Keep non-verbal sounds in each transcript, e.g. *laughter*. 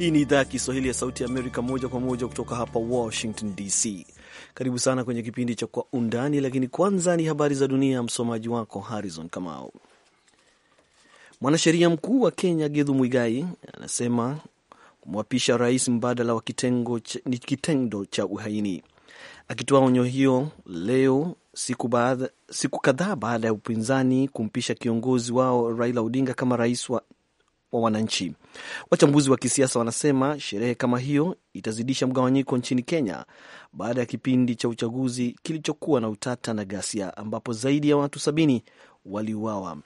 Hii ni idhaa ya Kiswahili ya Sauti ya Amerika, moja kwa moja kutoka hapa Washington DC. Karibu sana kwenye kipindi cha Kwa Undani, lakini kwanza ni habari za dunia. Msomaji wako Harrison Kamau. Mwanasheria mkuu wa Kenya Githu Mwigai anasema kumwapisha rais mbadala wa kitengo ni kitendo cha uhaini. Akitoa onyo hiyo leo siku, siku kadhaa baada ya upinzani kumpisha kiongozi wao Raila Odinga kama rais wa wa wananchi. Wachambuzi wa kisiasa wanasema sherehe kama hiyo itazidisha mgawanyiko nchini Kenya baada ya kipindi cha uchaguzi kilichokuwa na utata na ghasia ambapo zaidi ya watu sabini waliuawa.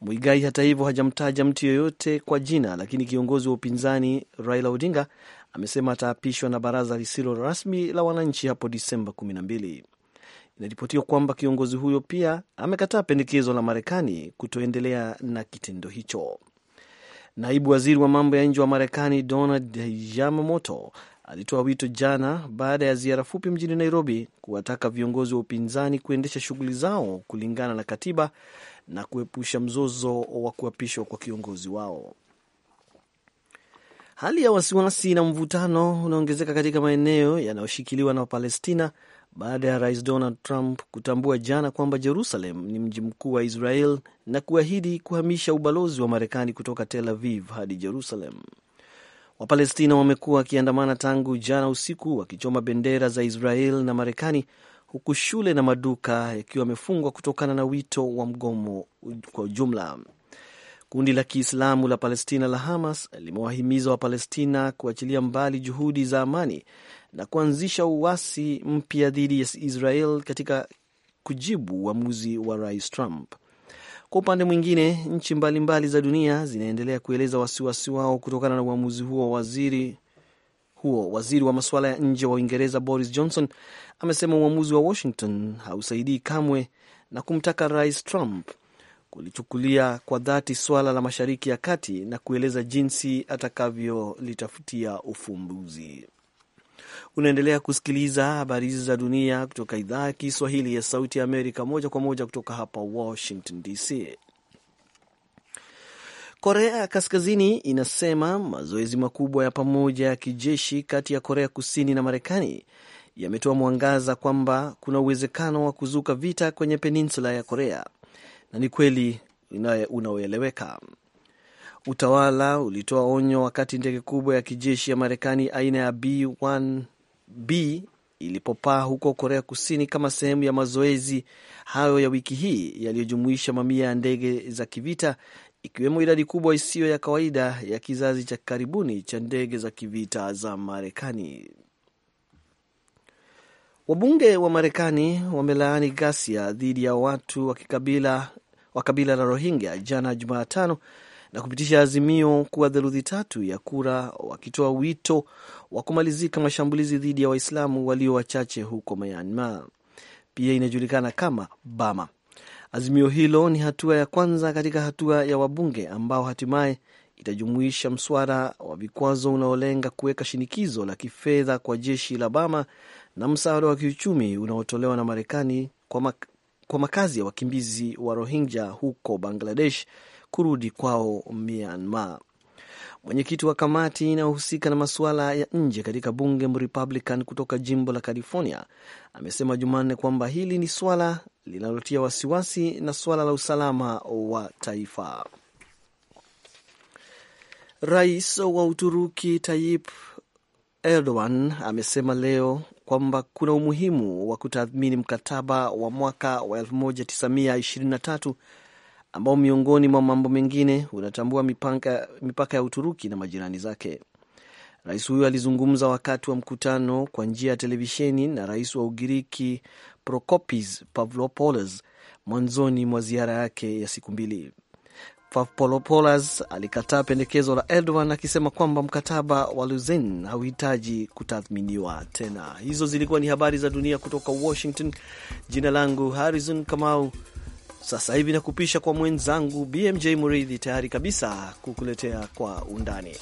Mwigai hata hivyo hajamtaja mtu yeyote kwa jina, lakini kiongozi wa upinzani Raila Odinga amesema ataapishwa na baraza lisilo rasmi la wananchi hapo Disemba 12. Inaripotiwa kwamba kiongozi huyo pia amekataa pendekezo la Marekani kutoendelea na kitendo hicho. Naibu waziri wa mambo ya nje wa Marekani Donald Yamamoto alitoa wito jana baada ya ziara fupi mjini Nairobi kuwataka viongozi wa upinzani kuendesha shughuli zao kulingana na katiba na kuepusha mzozo wa kuapishwa kwa kiongozi wao. Hali ya wasiwasi na mvutano unaongezeka katika maeneo yanayoshikiliwa na Wapalestina baada ya rais Donald Trump kutambua jana kwamba Jerusalem ni mji mkuu wa Israel na kuahidi kuhamisha ubalozi wa Marekani kutoka Tel Aviv hadi Jerusalem. Wapalestina wamekuwa wakiandamana tangu jana usiku wakichoma bendera za Israel na Marekani, huku shule na maduka yakiwa yamefungwa kutokana na wito wa mgomo kwa ujumla. Kundi la Kiislamu la Palestina la Hamas limewahimiza Wapalestina kuachilia mbali juhudi za amani na kuanzisha uasi mpya dhidi ya Israel katika kujibu uamuzi wa, wa rais Trump. Kwa upande mwingine, nchi mbalimbali mbali za dunia zinaendelea kueleza wasiwasi wao kutokana na uamuzi huo. Waziri huo waziri wa masuala ya nje wa Uingereza Boris Johnson amesema uamuzi wa Washington hausaidii kamwe na kumtaka rais Trump kulichukulia kwa dhati swala la Mashariki ya Kati na kueleza jinsi atakavyolitafutia ufumbuzi. Unaendelea kusikiliza habari hizi za dunia kutoka idhaa ya Kiswahili ya Sauti ya Amerika, moja kwa moja kutoka hapa Washington DC. Korea ya Kaskazini inasema mazoezi makubwa ya pamoja ya kijeshi kati ya Korea Kusini na Marekani yametoa mwangaza kwamba kuna uwezekano wa kuzuka vita kwenye peninsula ya Korea, na ni kweli unaoeleweka. Utawala ulitoa onyo wakati ndege kubwa ya kijeshi ya Marekani aina ya B1B ilipopaa huko Korea Kusini kama sehemu ya mazoezi hayo ya wiki hii yaliyojumuisha mamia ya ndege za kivita ikiwemo idadi kubwa isiyo ya kawaida ya kizazi cha karibuni cha ndege za kivita za Marekani. Wabunge wa Marekani wamelaani ghasia dhidi ya watu wa kabila la Rohingya jana Jumatano na kupitisha azimio kuwa theluthi tatu ya kura, wakitoa wito wa kumalizika mashambulizi dhidi ya Waislamu walio wachache huko Myanmar, pia inajulikana kama Bama. Azimio hilo ni hatua ya kwanza katika hatua ya wabunge ambao hatimaye itajumuisha mswada wa vikwazo unaolenga kuweka shinikizo la kifedha kwa jeshi la Bama na msaada wa kiuchumi unaotolewa na Marekani kwa, mak kwa makazi ya wakimbizi wa Rohingya huko Bangladesh kurudi kwao Myanmar. Mwenyekiti wa kamati inayohusika na masuala ya nje katika bunge Mrepublican kutoka jimbo la California amesema Jumanne kwamba hili ni swala linalotia wasiwasi na suala la usalama wa taifa. Rais wa Uturuki Tayyip Erdogan amesema leo kwamba kuna umuhimu wa kutathmini mkataba wa mwaka wa 1923 ambao miongoni mwa mambo mengine unatambua mipaka, mipaka ya Uturuki na majirani zake. Rais huyo alizungumza wakati wa mkutano kwa njia ya televisheni na rais wa Ugiriki Prokopis Pavlopoulos mwanzoni mwa ziara yake ya siku mbili. Pavlopoulos alikataa pendekezo la Erdogan akisema kwamba mkataba wa luzen hauhitaji kutathminiwa tena. Hizo zilikuwa ni habari za dunia kutoka Washington. Jina langu Harrison Kamau. Sasa hivi nakupisha kwa mwenzangu BMJ Muridhi, tayari kabisa kukuletea kwa undani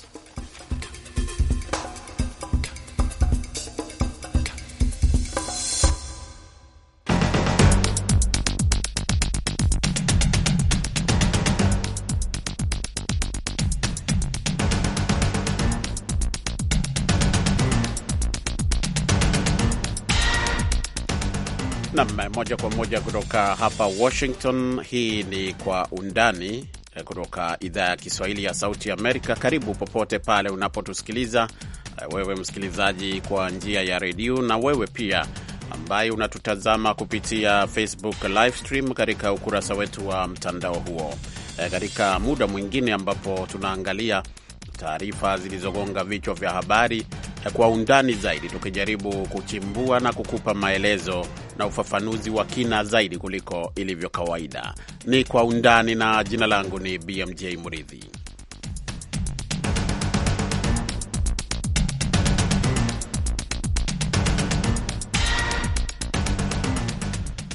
moja kwa moja kutoka hapa Washington. Hii ni Kwa Undani eh, kutoka idhaa ya Kiswahili ya Sauti Amerika. Karibu popote pale unapotusikiliza eh, wewe msikilizaji kwa njia ya redio, na wewe pia ambaye unatutazama kupitia Facebook live stream katika ukurasa wetu wa mtandao huo, eh, katika muda mwingine ambapo tunaangalia taarifa zilizogonga vichwa vya habari kwa undani zaidi, tukijaribu kuchimbua na kukupa maelezo na ufafanuzi wa kina zaidi kuliko ilivyo kawaida. Ni kwa undani, na jina langu ni BMJ Muridhi.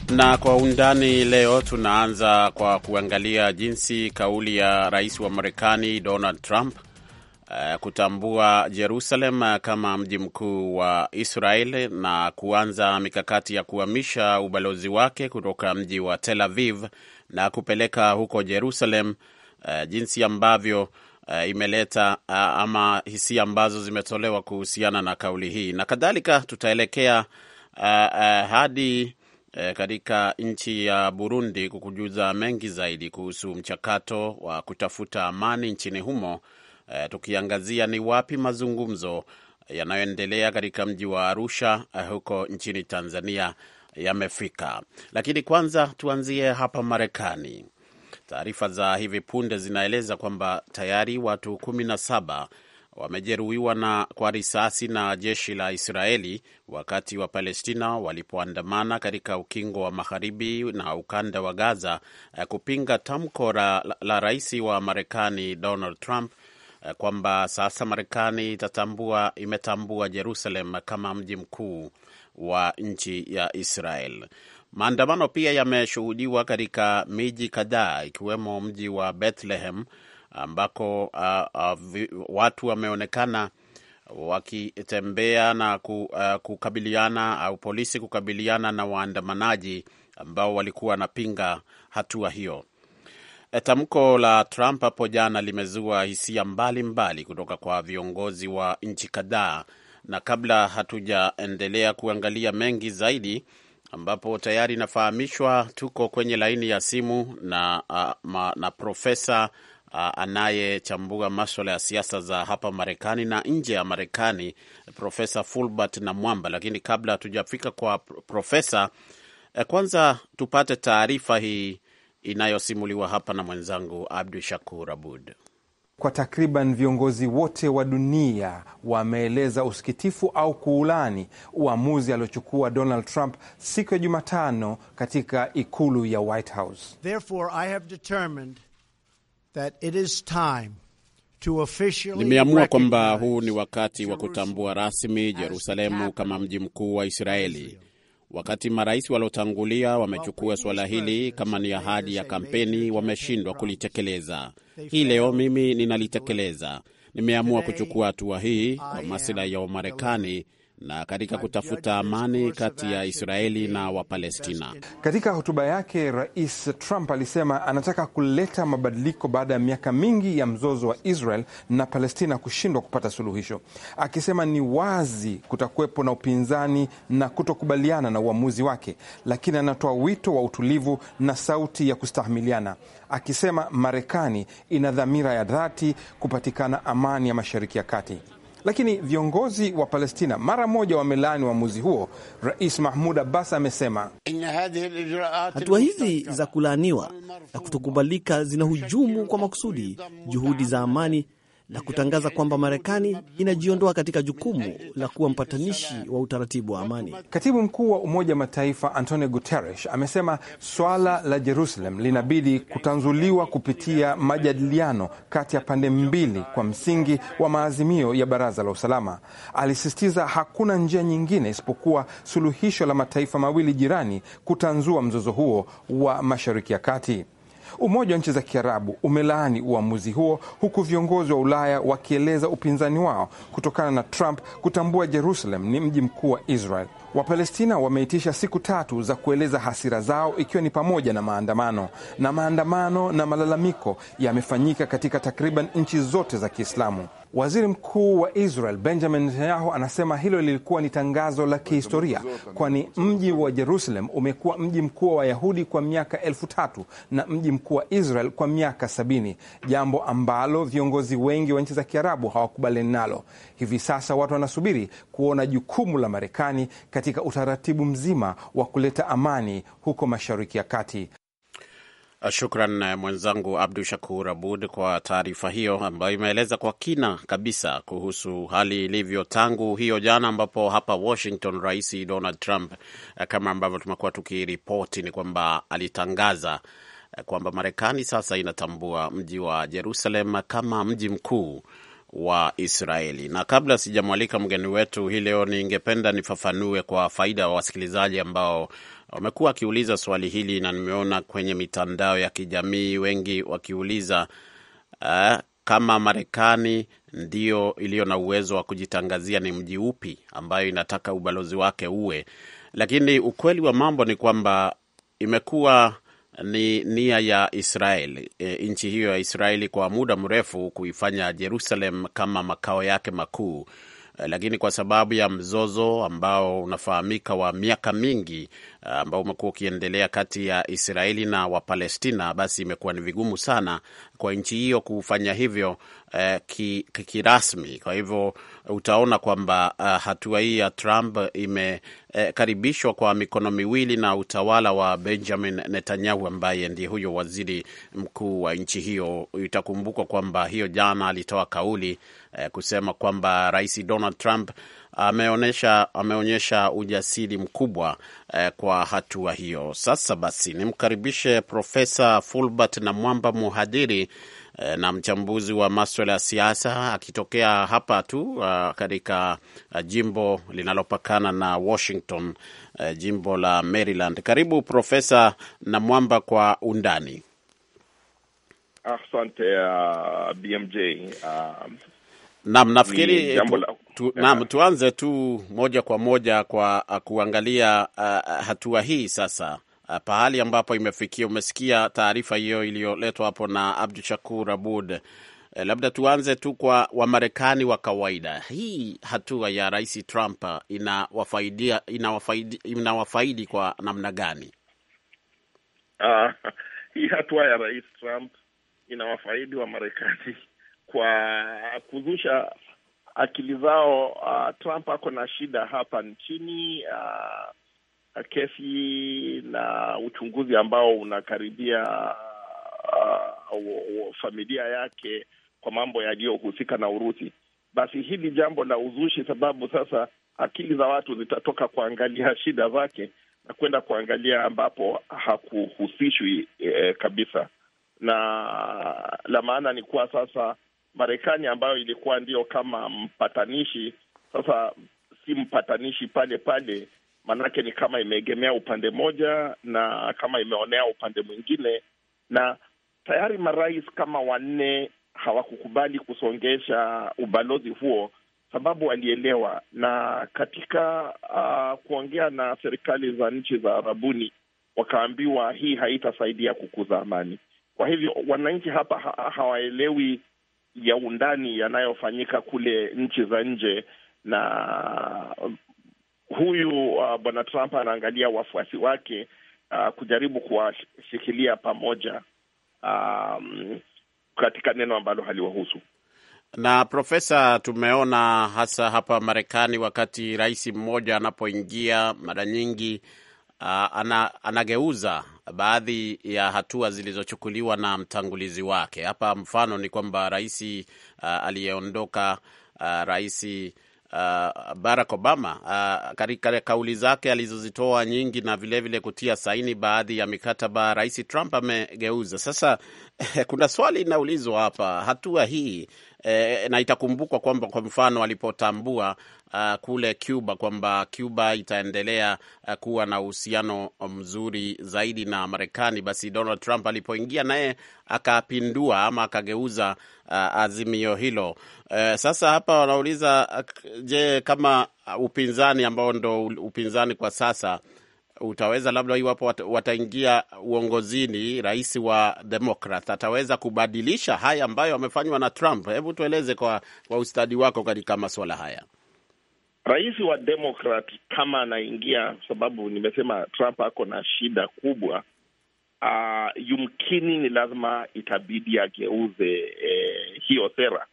Na kwa undani leo tunaanza kwa kuangalia jinsi kauli ya rais wa Marekani Donald Trump Eh, kutambua Jerusalem eh, kama mji mkuu wa israel na kuanza mikakati ya kuhamisha ubalozi wake kutoka mji wa Tel Aviv na kupeleka huko Jerusalem, uh, jinsi ambavyo Uh, imeleta uh, ama hisia ambazo zimetolewa kuhusiana na kauli hii na kadhalika. Tutaelekea uh, uh, hadi katika nchi ya Burundi kukujuza mengi zaidi kuhusu mchakato wa kutafuta amani nchini humo eh, tukiangazia ni wapi mazungumzo yanayoendelea katika mji wa Arusha eh, huko nchini Tanzania yamefika. Lakini kwanza tuanzie hapa Marekani. Taarifa za hivi punde zinaeleza kwamba tayari watu kumi na saba wamejeruhiwa na kwa risasi na jeshi la Israeli wakati wa Palestina walipoandamana katika ukingo wa magharibi na ukanda wa Gaza eh, kupinga tamko la, la rais wa Marekani Donald Trump Eh, kwamba sasa Marekani itatambua imetambua Jerusalem kama mji mkuu wa nchi ya Israel. Maandamano pia yameshuhudiwa katika miji kadhaa ikiwemo mji wa Bethlehem ambako uh, uh, watu wameonekana wakitembea na kukabiliana au polisi kukabiliana na waandamanaji ambao walikuwa wanapinga hatua hiyo. Tamko la Trump hapo jana limezua hisia mbalimbali mbali kutoka kwa viongozi wa nchi kadhaa, na kabla hatujaendelea kuangalia mengi zaidi, ambapo tayari nafahamishwa tuko kwenye laini ya simu na, na, na profesa anayechambua maswala ya siasa za hapa Marekani na nje ya Marekani, Profesa Fulbert na Mwamba. Lakini kabla hatujafika kwa Profesa, eh, kwanza tupate taarifa hii inayosimuliwa hapa na mwenzangu Abdu Shakur Abud. Kwa takriban viongozi wote wa dunia wameeleza usikitifu au kuulani uamuzi aliochukua Donald Trump siku ya Jumatano katika ikulu ya White House. Nimeamua kwamba huu ni wakati wa kutambua rasmi Jerusalemu kama mji mkuu wa Israeli. Wakati marais waliotangulia wamechukua suala hili kama ni ahadi ya kampeni, wameshindwa kulitekeleza. Hii leo mimi ninalitekeleza. Nimeamua kuchukua hatua hii kwa masilahi ya Wamarekani na katika kutafuta amani kati ya Israeli na Wapalestina. Katika hotuba yake, Rais Trump alisema anataka kuleta mabadiliko baada ya miaka mingi ya mzozo wa Israel na Palestina kushindwa kupata suluhisho, akisema ni wazi kutakuwepo na upinzani na kutokubaliana na uamuzi wake, lakini anatoa wito wa utulivu na sauti ya kustahimiliana, akisema Marekani ina dhamira ya dhati kupatikana amani ya Mashariki ya Kati lakini viongozi wa Palestina mara moja wamelaani uamuzi huo. Rais Mahmud Abbas amesema hatua hizi za kulaaniwa na kutokubalika zina hujumu kwa makusudi juhudi za amani na kutangaza kwamba Marekani inajiondoa katika jukumu la kuwa mpatanishi wa utaratibu wa amani. Katibu mkuu wa Umoja wa Mataifa Antonio Guterres amesema swala la Jerusalem linabidi kutanzuliwa kupitia majadiliano kati ya pande mbili kwa msingi wa maazimio ya Baraza la Usalama. Alisisitiza hakuna njia nyingine isipokuwa suluhisho la mataifa mawili jirani kutanzua mzozo huo wa Mashariki ya Kati. Umoja wa nchi za Kiarabu umelaani uamuzi huo, huku viongozi wa Ulaya wakieleza upinzani wao kutokana na Trump kutambua Jerusalem ni mji mkuu wa Israel. Wapalestina wameitisha siku tatu za kueleza hasira zao ikiwa ni pamoja na maandamano na maandamano na malalamiko yamefanyika katika takriban nchi zote za Kiislamu. Waziri Mkuu wa Israel Benjamin Netanyahu anasema hilo lilikuwa ni tangazo la kihistoria, kwani mji wa Jerusalem umekuwa mji mkuu wa Wayahudi kwa miaka elfu tatu na mji mkuu wa Israel kwa miaka sabini, jambo ambalo viongozi wengi wa nchi za Kiarabu hawakubaliani nalo. Hivi sasa watu wanasubiri kuona jukumu la Marekani katika utaratibu mzima wa kuleta amani huko Mashariki ya Kati. Uh, shukran uh, mwenzangu Abdu Shakur Abud kwa taarifa hiyo ambayo imeeleza kwa kina kabisa kuhusu hali ilivyo tangu hiyo jana, ambapo hapa Washington Rais Donald Trump uh, kama ambavyo tumekuwa tukiripoti ni kwamba alitangaza kwamba Marekani sasa inatambua mji wa Jerusalem kama mji mkuu wa Israeli. Na kabla sijamwalika mgeni wetu hii leo, ningependa nifafanue kwa faida ya wasikilizaji ambao wamekuwa wakiuliza swali hili, na nimeona kwenye mitandao ya kijamii wengi wakiuliza uh, kama Marekani ndio iliyo na uwezo wa kujitangazia ni mji upi ambayo inataka ubalozi wake uwe, lakini ukweli wa mambo ni kwamba imekuwa ni nia ya Israel e, eh, nchi hiyo ya Israeli kwa muda mrefu kuifanya Jerusalem kama makao yake makuu Eh, lakini kwa sababu ya mzozo ambao unafahamika wa miaka mingi eh, ambao umekuwa ukiendelea kati ya Israeli na Wapalestina, basi imekuwa ni vigumu sana kwa nchi hiyo kufanya hivyo eh, kirasmi ki, kwa hivyo utaona kwamba uh, hatua hii ya Trump imekaribishwa eh, kwa mikono miwili na utawala wa Benjamin Netanyahu ambaye ndiye huyo waziri mkuu wa nchi hiyo. Itakumbukwa kwamba hiyo jana alitoa kauli eh, kusema kwamba Rais Donald Trump ameonyesha ameonyesha ujasiri mkubwa eh, kwa hatua hiyo. Sasa basi nimkaribishe Profesa Fulbert na Mwamba muhadiri Eh, na mchambuzi wa maswala ya siasa akitokea hapa tu uh, katika uh, jimbo linalopakana na Washington uh, jimbo la Maryland. Karibu Profesa Namwamba kwa undani. Asante uh, ah, BMJ uh, nam nafikiri tu, naam, tuanze tu moja kwa moja kwa kuangalia uh, hatua hii sasa Eh, pahali ambapo imefikia. Umesikia taarifa hiyo iliyoletwa hapo na Abdu Shakur Abud. Eh, labda tuanze tu kwa Wamarekani wa kawaida. Hii hatua ya Rais Trump eh, inawafaidia inawafaidi, inawafaidi kwa namna gani? Uh, *laughs* hii hatua ya Rais Trump inawafaidi Wamarekani *laughs* kwa kuzusha akili zao. Uh, Trump ako na shida hapa nchini. Uh, kesi na uchunguzi ambao unakaribia uh, uh, familia yake kwa mambo yaliyohusika na Urusi, basi hili jambo la uzushi, sababu sasa akili za watu zitatoka kuangalia *laughs* shida zake na kwenda kuangalia ambapo hakuhusishwi eh, kabisa. Na la maana ni kuwa sasa Marekani ambayo ilikuwa ndio kama mpatanishi sasa si mpatanishi pale pale maanake ni kama imeegemea upande moja na kama imeonea upande mwingine, na tayari marais kama wanne hawakukubali kusongesha ubalozi huo, sababu walielewa. Na katika uh, kuongea na serikali za nchi za Arabuni wakaambiwa hii haitasaidia kukuza amani. Kwa hivyo wananchi hapa ha hawaelewi ya undani yanayofanyika kule nchi za nje, na huyu uh, bwana Trump anaangalia wafuasi wake uh, kujaribu kuwashikilia pamoja um, katika neno ambalo haliwahusu. Na Profesa, tumeona hasa hapa Marekani, wakati rais mmoja anapoingia mara nyingi Uh, ana, anageuza baadhi ya hatua zilizochukuliwa na mtangulizi wake. Hapa mfano ni kwamba rais uh, aliyeondoka uh, rais uh, Barack Obama uh, katika kauli zake alizozitoa nyingi na vilevile vile kutia saini baadhi ya mikataba Rais Trump amegeuza sasa. *laughs* Kuna swali linaulizwa hapa, hatua hii e, na itakumbukwa kwamba kwa mfano alipotambua uh, kule Cuba kwamba Cuba itaendelea uh, kuwa na uhusiano mzuri zaidi na Marekani, basi Donald Trump alipoingia naye akapindua ama akageuza uh, azimio hilo. Uh, sasa hapa wanauliza uh, je, kama upinzani ambao ndo upinzani kwa sasa utaweza labda, iwapo wataingia uongozini, rais wa demokrat ataweza kubadilisha haya ambayo amefanywa na Trump? Hebu tueleze kwa, kwa ustadi wako katika masuala haya. Rais wa demokrat kama anaingia, sababu nimesema Trump ako na shida kubwa uh, yumkini ni lazima itabidi ageuze eh, hiyo sera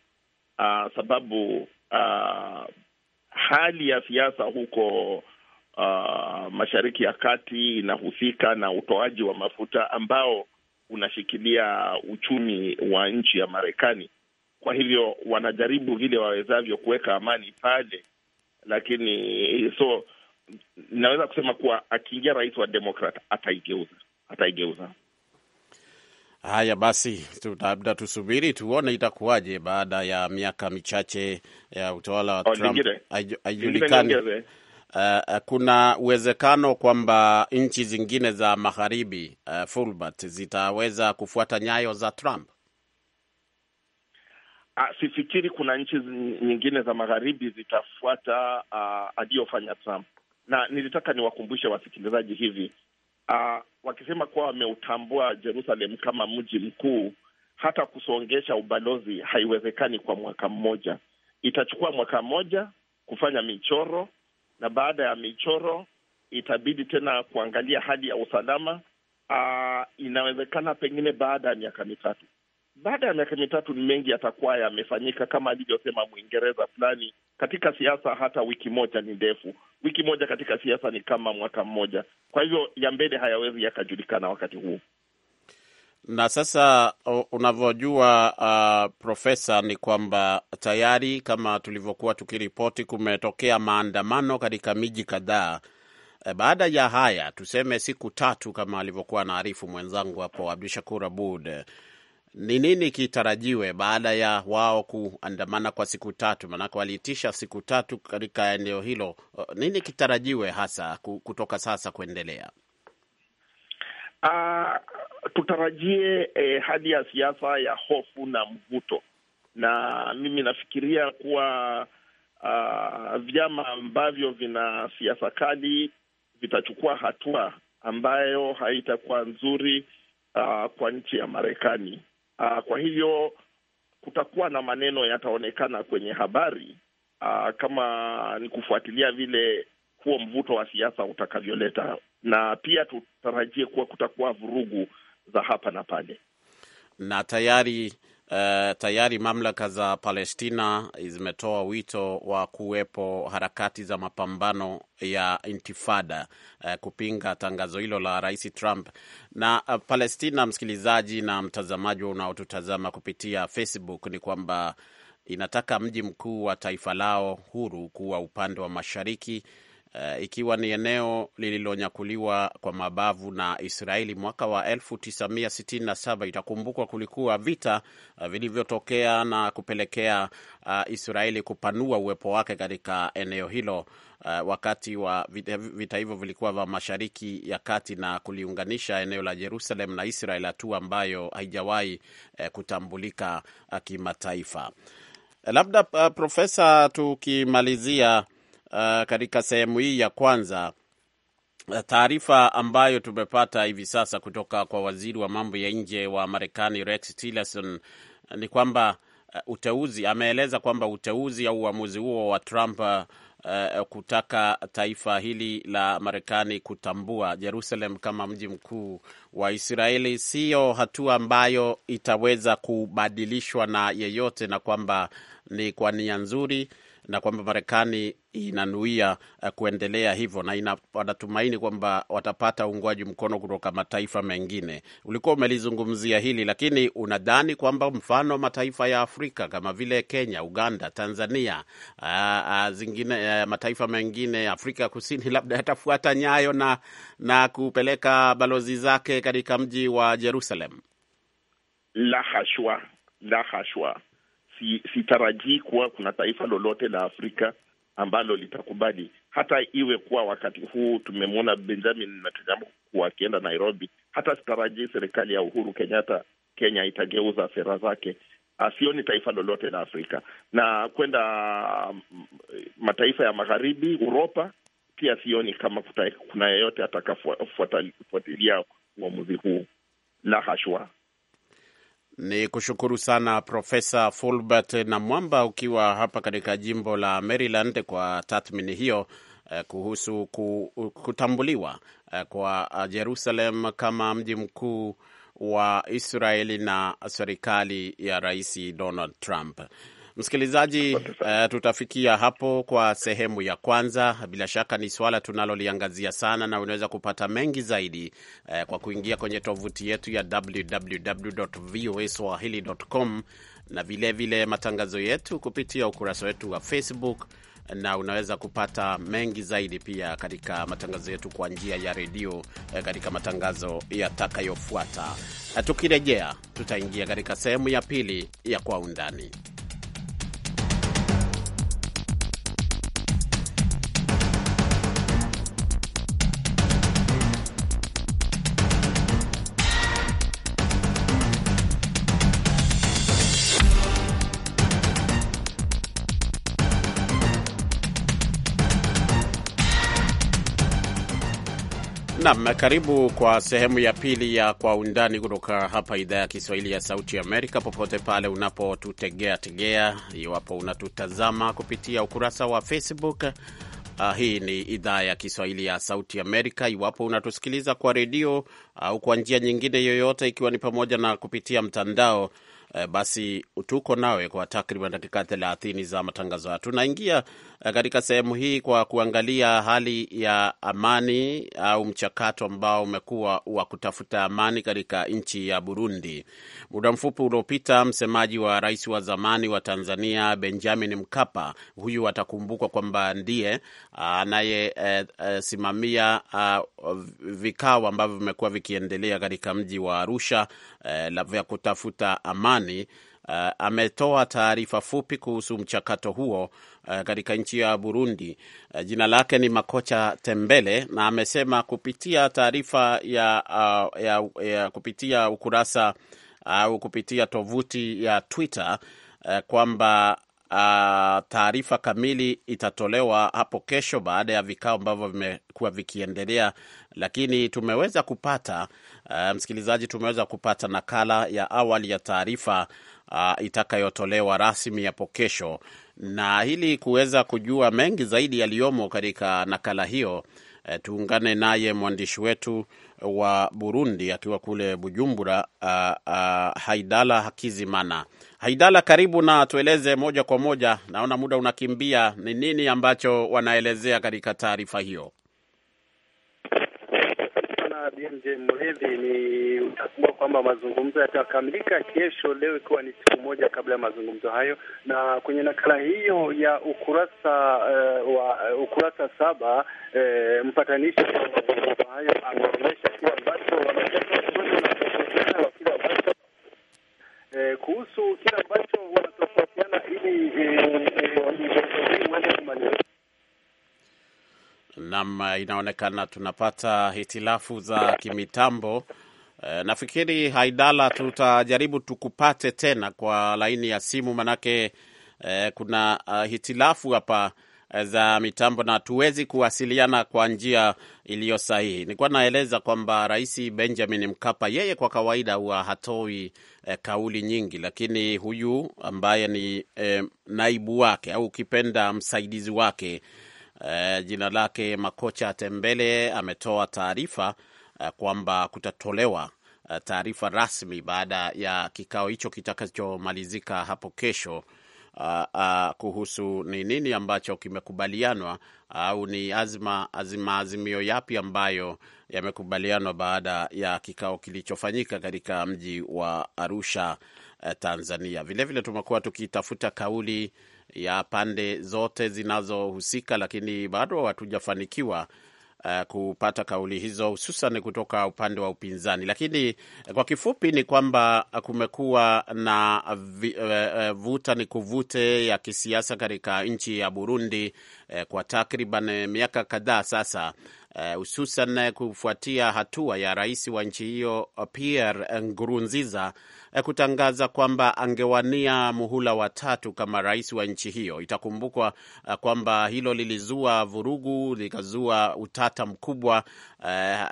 uh, sababu uh, hali ya siasa huko uh, Mashariki ya Kati inahusika na utoaji wa mafuta ambao unashikilia uchumi wa nchi ya Marekani. Kwa hivyo wanajaribu vile wawezavyo kuweka amani pale, lakini so naweza kusema kuwa akiingia rais wa Demokrat ataigeuza, ataigeuza. Haya basi, labda tusubiri tuone itakuwaje baada ya miaka michache ya utawala wa oh, Trump. Haijulikani uh, kuna uwezekano kwamba nchi zingine za magharibi uh, Fulbert, zitaweza kufuata nyayo za Trump? Uh, sifikiri kuna nchi nyingine za magharibi zitafuata uh, aliyofanya Trump, na nilitaka niwakumbushe wasikilizaji hivi uh, wakisema kuwa wameutambua Jerusalem kama mji mkuu, hata kusongesha ubalozi haiwezekani kwa mwaka mmoja. Itachukua mwaka mmoja kufanya michoro na baada ya michoro itabidi tena kuangalia hali ya usalama. uh, inawezekana pengine baada ya miaka mitatu. Baada ya miaka mitatu ni mengi yatakuwa yamefanyika, kama alivyosema Mwingereza fulani. Katika siasa hata wiki moja ni ndefu, wiki moja katika siasa ni kama mwaka mmoja. Kwa hivyo ya mbele hayawezi yakajulikana wakati huu. Na sasa unavyojua, uh, Profesa, ni kwamba tayari kama tulivyokuwa tukiripoti, kumetokea maandamano katika miji kadhaa. Eh, baada ya haya, tuseme siku tatu, kama alivyokuwa anaarifu mwenzangu hapo Abdu Shakur Abud, ni nini kitarajiwe baada ya wao kuandamana kwa siku tatu? Maanake waliitisha siku tatu katika eneo hilo. Uh, nini kitarajiwe hasa kutoka sasa kuendelea? Uh, tutarajie eh, hali ya siasa ya hofu na mvuto, na mimi nafikiria kuwa uh, vyama ambavyo vina siasa kali vitachukua hatua ambayo haitakuwa nzuri uh, kwa nchi ya Marekani. Uh, kwa hivyo kutakuwa na maneno yataonekana kwenye habari uh, kama ni kufuatilia vile huo mvuto wa siasa utakavyoleta, na pia tutarajie kuwa kutakuwa vurugu za hapa na pale na tayari Uh, tayari mamlaka za Palestina zimetoa wito wa kuwepo harakati za mapambano ya intifada uh, kupinga tangazo hilo la Rais Trump na uh, Palestina. Msikilizaji na mtazamaji unaotutazama kupitia Facebook, ni kwamba inataka mji mkuu wa taifa lao huru kuwa upande wa mashariki uh, ikiwa ni eneo lililonyakuliwa kwa mabavu na Israeli mwaka wa 1967. Itakumbukwa kulikuwa vita uh, vilivyotokea na kupelekea uh, Israeli kupanua uwepo wake katika eneo hilo. Uh, wakati wa vita, vita hivyo vilikuwa vya Mashariki ya Kati na kuliunganisha eneo la Jerusalem na Israel, hatua ambayo haijawahi uh, kutambulika uh, kimataifa. Labda uh, profesa, tukimalizia uh, katika sehemu hii ya kwanza eh, taarifa ambayo tumepata hivi sasa kutoka kwa waziri wa mambo ya nje wa Marekani Rex Tillerson eh, ni kwamba uteuzi, ameeleza kwamba uteuzi au uamuzi huo wa Trump uh, kutaka taifa hili la Marekani kutambua Jerusalem kama mji mkuu wa Israeli siyo hatua ambayo itaweza kubadilishwa na yeyote, na kwamba ni kwa nia nzuri na kwamba Marekani inanuia eh, kuendelea hivyo na wanatumaini kwamba watapata uungwaji mkono kutoka mataifa mengine. Ulikuwa umelizungumzia hili, lakini unadhani kwamba mfano mataifa ya Afrika kama vile Kenya, Uganda, Tanzania, aa, ah, a, ah, zingine a, eh, mataifa mengine Afrika Kusini labda yatafuata nyayo na, na kupeleka balozi zake katika mji wa Jerusalem? La hashwa, la hashwa si, sitarajii kuwa kuna taifa lolote la Afrika ambalo litakubali hata iwe kuwa wakati huu tumemwona Benjamin Netanyahu akienda Nairobi. Hata sitarajii serikali ya Uhuru Kenyatta Kenya itageuza sera zake. Asioni ah, taifa lolote la Afrika na kwenda mm, mataifa ya magharibi, Uropa pia sioni kama kuna yeyote atakafuatilia uamuzi huu la hashwa. Ni kushukuru sana Profesa Fulbert na Mwamba ukiwa hapa katika jimbo la Maryland kwa tathmini hiyo eh, kuhusu kutambuliwa eh, kwa Jerusalem kama mji mkuu wa Israeli na serikali ya Rais Donald Trump. Msikilizaji, uh, tutafikia hapo kwa sehemu ya kwanza. Bila shaka ni swala tunaloliangazia sana, na unaweza kupata mengi zaidi uh, kwa kuingia kwenye tovuti yetu ya www.voaswahili.com na vilevile vile matangazo yetu kupitia ukurasa wetu wa Facebook na unaweza kupata mengi zaidi pia katika matangazo yetu kwa njia ya redio eh, katika matangazo yatakayofuata. Tukirejea, tutaingia katika sehemu ya pili ya Kwa Undani. Nam, karibu kwa sehemu ya pili ya Kwa Undani kutoka hapa idhaa ya Kiswahili ya Sauti Amerika, popote pale unapotutegea tegea, iwapo unatutazama kupitia ukurasa wa Facebook. Uh, hii ni idhaa ya Kiswahili ya Sauti Amerika. Iwapo unatusikiliza kwa redio au uh, kwa njia nyingine yoyote, ikiwa ni pamoja na kupitia mtandao eh, basi tuko nawe kwa takriban dakika thelathini za matangazo. Tunaingia eh, katika sehemu hii kwa kuangalia hali ya amani au mchakato ambao umekuwa wa kutafuta amani katika nchi ya Burundi. Muda mfupi uliopita, msemaji wa rais wa zamani wa Tanzania Benjamin Mkapa, huyu atakumbukwa kwamba ndiye eh, anayesimamia eh, eh, ah, vikao ambavyo vimekuwa vikiendelea katika mji wa Arusha eh, vya kutafuta amani Marekani uh, ametoa taarifa fupi kuhusu mchakato huo uh, katika nchi ya Burundi. Uh, jina lake ni Makocha Tembele na amesema kupitia taarifa ya, uh, ya, ya kupitia ukurasa au uh, kupitia tovuti ya Twitter uh, kwamba Uh, taarifa kamili itatolewa hapo kesho baada ya vikao ambavyo vimekuwa vikiendelea lakini tumeweza kupata uh, msikilizaji, tumeweza kupata nakala ya awali ya taarifa uh, itakayotolewa rasmi hapo kesho, na ili kuweza kujua mengi zaidi yaliyomo katika nakala hiyo uh, tuungane naye mwandishi wetu wa Burundi akiwa kule Bujumbura, uh, uh, Haidala Hakizimana. Haidala, karibu na tueleze moja kwa moja, naona muda unakimbia, ni nini ambacho wanaelezea katika taarifa hiyo? BMJ Mridhi, ni utakuwa kwamba mazungumzo yatakamilika kesho, leo ikiwa ni siku moja kabla ya mazungumzo hayo. Na kwenye nakala hiyo ya ukurasa uh, wa eh, ukurasa saba uh, mpatanishi wa mazungumzo hayo ameonyesha kile ambacho kuhusu kile ambacho wanatofautiana ili wende kumaliza Naam, inaonekana tunapata hitilafu za kimitambo. E, nafikiri Haidala, tutajaribu tukupate tena kwa laini ya simu, manake e, kuna eh, hitilafu hapa za mitambo na tuwezi kuwasiliana kwa njia iliyo sahihi. Nilikuwa naeleza kwamba Rais Benjamin Mkapa yeye kwa kawaida huwa hatoi e, kauli nyingi, lakini huyu ambaye ni e, naibu wake au ukipenda msaidizi wake eh, jina lake Makocha Tembele ametoa taarifa eh, kwamba kutatolewa eh, taarifa rasmi baada ya kikao hicho kitakachomalizika hapo kesho. Uh, uh, kuhusu ni nini ambacho kimekubalianwa au uh, ni azma, azima azimio yapi ambayo yamekubalianwa baada ya kikao kilichofanyika katika mji wa Arusha, uh, Tanzania. Vilevile tumekuwa tukitafuta kauli ya pande zote zinazohusika, lakini bado hatujafanikiwa Uh, kupata kauli hizo hususan kutoka upande wa upinzani, lakini eh, kwa kifupi ni kwamba kumekuwa na vi, uh, vuta ni kuvute ya kisiasa katika nchi ya Burundi uh, kwa takriban miaka kadhaa sasa Eh, hususan uh, kufuatia hatua ya rais wa nchi hiyo eh, Pierre Nkurunziza uh, kutangaza kwamba angewania muhula wa tatu kama rais wa nchi hiyo. Itakumbukwa uh, kwamba hilo lilizua vurugu, likazua utata mkubwa uh,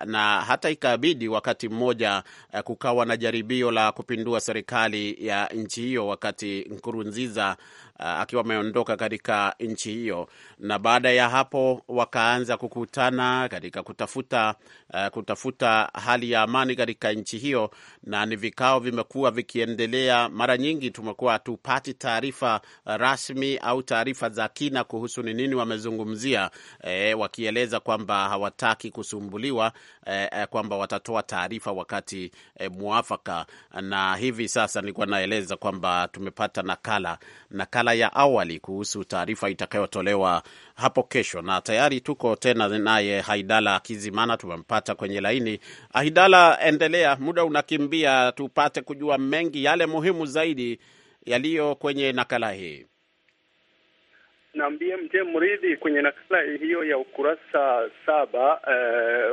na hata ikabidi wakati mmoja uh, kukawa na jaribio la kupindua serikali ya nchi hiyo wakati Nkurunziza uh, akiwa ameondoka katika nchi hiyo, na baada ya hapo wakaanza kukutana katika kutafuta, uh, kutafuta hali ya amani katika nchi hiyo, na ni vikao vimekuwa vikiendelea. Mara nyingi tumekuwa hatupati taarifa rasmi au taarifa za kina kuhusu ni nini wamezungumzia, eh, wakieleza kwamba hawataki kusumbuliwa, eh, eh kwamba watatoa taarifa wakati eh, mwafaka, na hivi sasa nilikuwa naeleza kwamba tumepata nakala nakala makala ya awali kuhusu taarifa itakayotolewa hapo kesho, na tayari tuko tena naye Haidala Kizimana, tumempata kwenye laini. Haidala, endelea, muda unakimbia, tupate kujua mengi yale muhimu zaidi yaliyo kwenye nakala hii na BMJ Mridhi, kwenye nakala hiyo ya ukurasa saba e,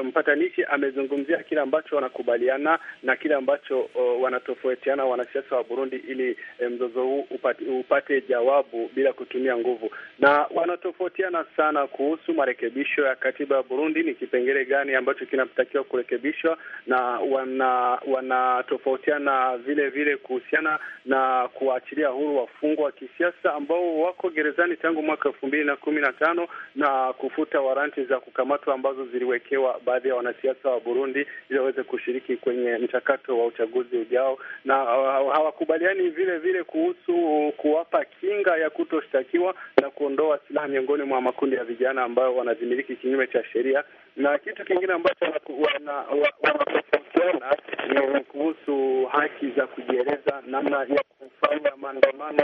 mpatanishi amezungumzia kile ambacho wanakubaliana na kile ambacho o, wanatofautiana wanasiasa wa Burundi ili e, mzozo huu upate, upate jawabu bila kutumia nguvu, na wanatofautiana sana kuhusu marekebisho ya katiba ya Burundi, ni kipengele gani ambacho kinatakiwa kurekebishwa, na wana wanatofautiana vile vile kuhusiana na kuwaachilia huru wafungwa wa kisiasa ambao wako gerezani tangu mwaka elfu mbili na kumi na tano na kufuta waranti za kukamatwa ambazo ziliwekewa baadhi ya wanasiasa wa Burundi ili waweze kushiriki kwenye mchakato wa uchaguzi ujao, na hawakubaliani vile vile kuhusu kuwapa kinga ya kutoshtakiwa na kuondoa silaha miongoni mwa makundi ya vijana ambayo wanazimiliki kinyume cha sheria na kitu kingine ambacho wanatofautiana ni kuhusu haki za kujieleza, namna ya kufanya maandamano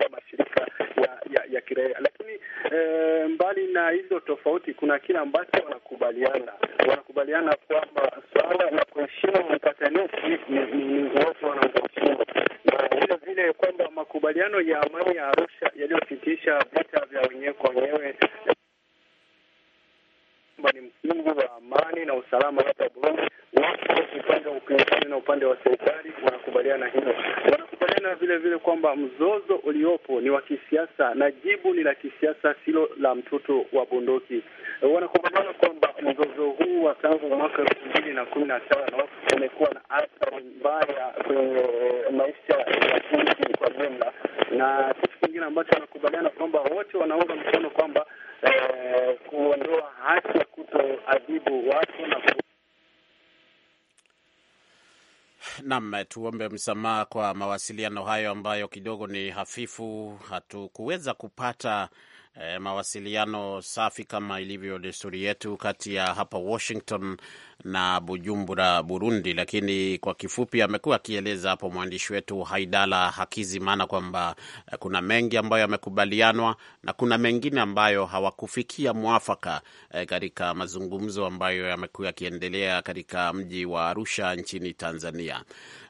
ya mashirika ya, ya, ya kiraia. Lakini e, mbali na hizo tofauti, kuna kile ambacho wanakubaliana. Wanakubaliana kwamba suala la kuheshimu mpatanishi ni wote wanaoheshimu, na vile vile kwamba makubaliano ya amani ya Arusha yaliyositisha vita vya wenyewe kwa wenyewe kwamba ni msingi wa amani na usalama hapa Burundi. Watu upande wa upinzani na upande wa serikali wanakubaliana hilo, wanakubaliana vile vile kwamba mzozo uliopo ni wa kisiasa na jibu ni la kisiasa, silo la mtoto wa bunduki. Wanakubaliana kwamba mzozo huu wa tangu mwaka elfu mbili na kumi na tano umekuwa na athari mbaya kwenye maisha ya nchi kwa jumla, na kitu kingine ambacho wanakubaliana kwamba wote wanaunga mkono kwamba Eh, kuondoa haki ya kutoadhibu watu na ku... tuombe msamaha kwa mawasiliano hayo ambayo kidogo ni hafifu. Hatukuweza kupata eh, mawasiliano safi kama ilivyo desturi yetu kati ya hapa Washington na Bujumbura, Burundi. Lakini kwa kifupi, amekuwa akieleza hapo mwandishi wetu Haidala Hakizimana kwamba eh, kuna mengi ambayo yamekubalianwa na kuna mengine ambayo hawakufikia mwafaka eh, katika mazungumzo ambayo yamekuwa yakiendelea katika mji wa Arusha nchini Tanzania.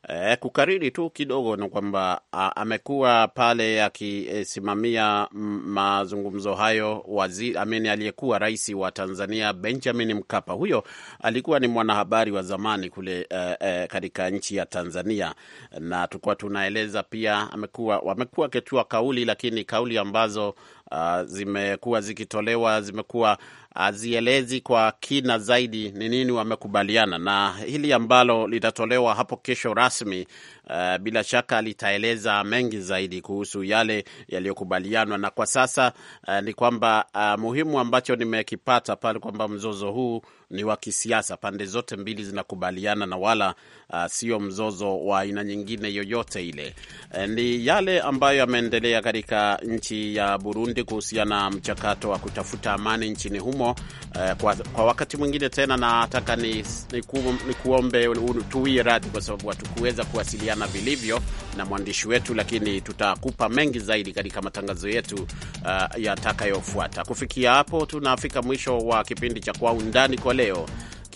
E, kukariri tu kidogo ni kwamba amekuwa pale akisimamia mm, mazungumzo hayo waziri aliyekuwa rais wa Tanzania Benjamin Mkapa. Huyo alikuwa alikuwa ni mwanahabari wa zamani kule uh, uh, katika nchi ya Tanzania, na tulikuwa tunaeleza pia amekuwa wamekuwa akitua kauli, lakini kauli ambazo uh, ah, zimekuwa zikitolewa zimekuwa hazielezi kwa kina zaidi ni nini wamekubaliana, na hili ambalo litatolewa hapo kesho rasmi, uh, bila shaka litaeleza mengi zaidi kuhusu yale yaliyokubalianwa. Na kwa sasa uh, ni kwamba uh, muhimu ambacho nimekipata pale kwamba mzozo huu ni wa kisiasa, pande zote mbili zinakubaliana na wala uh, sio mzozo wa aina nyingine yoyote ile. Uh, ni yale ambayo yameendelea katika nchi ya Burundi kuhusiana na mchakato wa kutafuta amani nchini humo eh, kwa, kwa wakati mwingine tena. Nataka ni, ni, ku, ni kuombe tuwie radhi kwa sababu hatukuweza kuwasiliana vilivyo na mwandishi wetu, lakini tutakupa mengi zaidi katika matangazo yetu uh, yatakayofuata. Kufikia hapo, tunafika mwisho wa kipindi cha Kwa Undani kwa leo.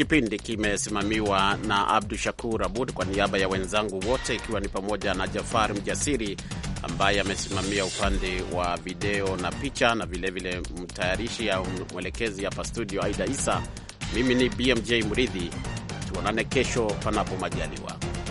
Kipindi kimesimamiwa na Abdu Shakur Abud kwa niaba ya wenzangu wote, ikiwa ni pamoja na Jafar Mjasiri ambaye amesimamia upande wa video na picha, na vilevile mtayarishi au mwelekezi hapa studio Aida Isa. Mimi ni BMJ mridhi tuonane kesho panapo majaliwa.